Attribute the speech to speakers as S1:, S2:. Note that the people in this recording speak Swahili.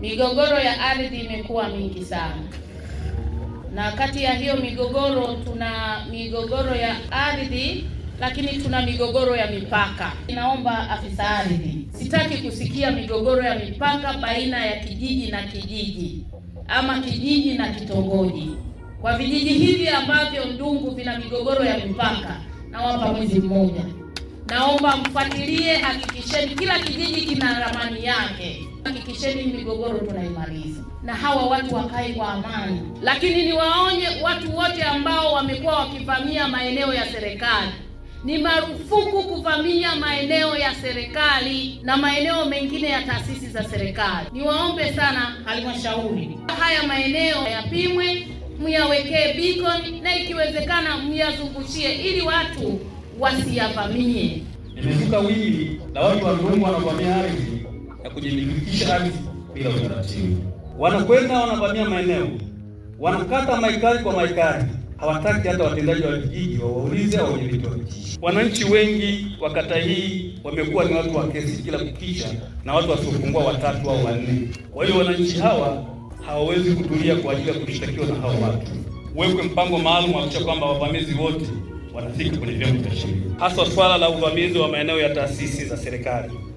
S1: Migogoro ya ardhi imekuwa mingi sana, na kati ya hiyo migogoro tuna migogoro ya ardhi, lakini tuna migogoro ya mipaka. Naomba afisa ardhi, sitaki kusikia migogoro ya mipaka baina ya kijiji na kijiji ama kijiji na kitongoji. Kwa vijiji hivi ambavyo Ndungu vina migogoro ya mipaka, nawapa mwezi mmoja. Naomba mfuatilie, hakikisheni kila kijiji kina ramani yake, hakikisheni migogoro tunaimaliza na hawa watu wakae kwa amani. Lakini niwaonye watu wote ambao wamekuwa wakivamia maeneo ya serikali, ni marufuku kuvamia maeneo ya serikali na maeneo mengine ya taasisi za serikali. Niwaombe sana halmashauri, haya maeneo yapimwe, myawekee beacon na ikiwezekana myazungushie ili watu wasiyavamie.
S2: Nimevuka wimbi la watu wakiungwa wanavamia ardhi na kujimilikisha ardhi bila utaratibu, wanakwenda wanavamia maeneo, wanakata maikari kwa maikari. Hawataki hata watendaji wa vijiji wawaulize au wenyeviti wa vijiji. Wananchi wengi wa kata hii wamekuwa ni watu wa kesi kila kukicha na watu wasiopungua watatu au wanne. Kwa hiyo wananchi hawa hawawezi kutulia kwa ajili ya kushtakiwa na hao watu. Uwekwe mpango maalum wa kuhakikisha kwamba wavamizi wote wanafika kwenye vyombo vya sheria, hasa swala la uvamizi wa maeneo ya taasisi za serikali.